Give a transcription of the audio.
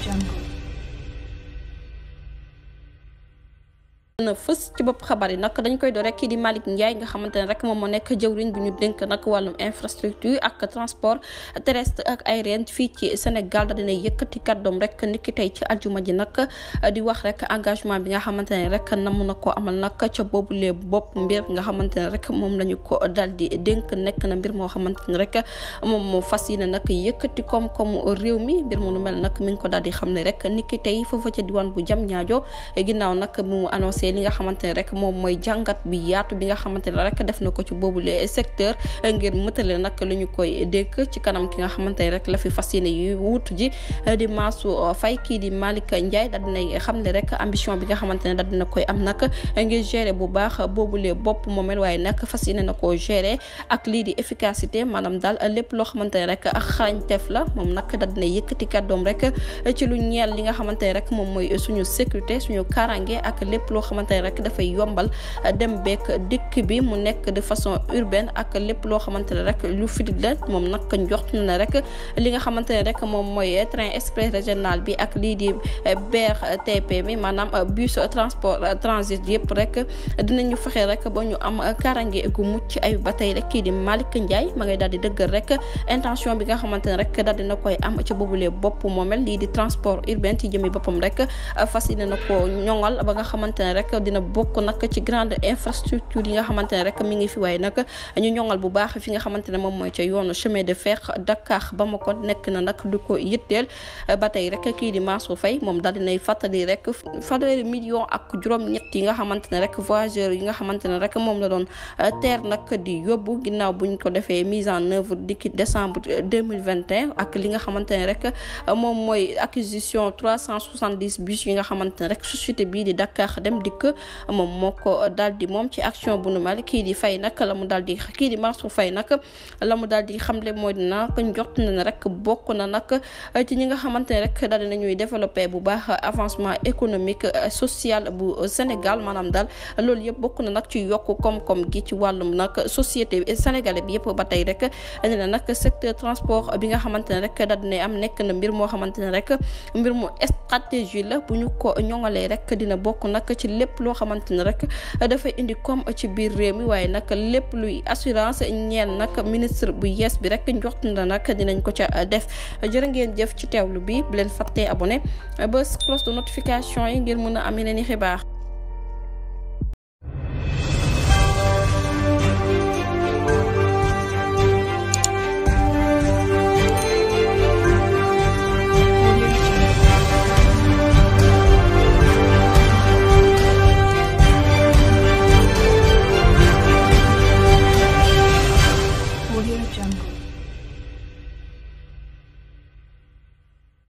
jungle. na fës ci bopp xabaar yi nag dañ koy door rek kii di Malick Ndiaye nga xamante ne rek moom moo nekk jëwriñ bu ji nag di wax rek engagement bi nga xamante ne rek namm na koo amal nag ca boobu lee bopp mbir nga xamante ne rek moom lañu ko dal di dénk nekk na mbir moo xamante ne rek moom moo fas yéene nag yëkkati koom-koomu réew mi mbir mu nu mel nag mi ngi ko daal xam ne rek niki tey foofa ca diwaan bu jam ñaajo ginnaaw nag mu annoncé gisee li nga xamante ne rek moom mooy jàngat bi yaatu bi nga xamante ne rek def na ko ci boobu boobule secteur ngir mëtale nag lu ñu koy dénk ci kanam ki nga xamante ne rek la fi fas yéene yu wuutu ji di Mansour Faye kii di Malick Ndiaye daal dinay xam ne rek ambition bi nga xamante ne daal dina koy am nag ngir gérer bu baax boobule bopp moomel waaye nag fas yéene na koo gérer ak lii di efficacité maanaam daal lépp loo xamante ne rek xarañteef la moom nag daal dina yëkkati kàddoom rek ci lu ñeel li nga xamante rek moom mooy suñu sécurité suñu kaaraange ak lépp loo xamante xamante ne rek dafay yombal euh, dem beek dikk bi mu nekk de façon urbaine ak lépp loo xamantene rek lu firig la moom nag njort na rek li nga xamantene rek moom mooy train express régional bi ak lii di euh, BRTP mi maanaam euh, bus transport transit yëpp rek dinañu fexe rek ba ñu am karange gu mucc ay ba tey rek kii di Malick Ndiaye ma ngay daal di dëggal rek intention bi nga xamantene rek daal dina koy am ci boobulee bopp moomel lii di transport urbain ci jëmi boppam rek fas na ko ñongal ba nga xamantene rek rek dina bokk nak ci grande infrastructure yi nga xamantene rek mi ngi fi waaye nak ñu ñongal bu baax fi nga xamantene mom moy mooy yoonu chemin de fer Dakar Bamako nekk na nak du ko yitteel ba rek ki di Mansour Fay mom dal dinay fatali rek fanweeri million ak juróom ñet yi nga xamantene rek voyageurs yi nga xamantene rek mom la doon euh, terre nak di yobbu ginnaw buñ ko defé mise en œuvre dik décembre 2021 ak li nga xamantene rek euh, mom moy acquisition 370 bus yi nga xamantene rek société bi di Dakar dem dikk moom moo ko daal di moom ci action bu nu mel kii di fay nag la mu daal di kii di Mansour Faye nag la mu daal di xamle mooy dina ko njort na ne rek bokk na nag ci ñi nga xamante ne rek daal nañuy développé bu baax avancement économique social bu Sénégal maanaam daal loolu yëpp bokk na nag ci yokk koom-koom gi ci wàllum nag société sénégalais bi yëpp ba tey rek ne na nag secteur transport bi nga xamante ne rek daal dina am nekk na mbir moo xamante ne rek mbir mu stratégie la bu ñu ko ñoŋalee rek dina bokk nag ci lépp loo xamante ni rek dafay indi koom ci biir réew mi waaye lépp luy assurance ñeel nag ministre bu yees bi rek njort dinañ ko def jëf ci bi bu abonné cloche de notification yi ngir mën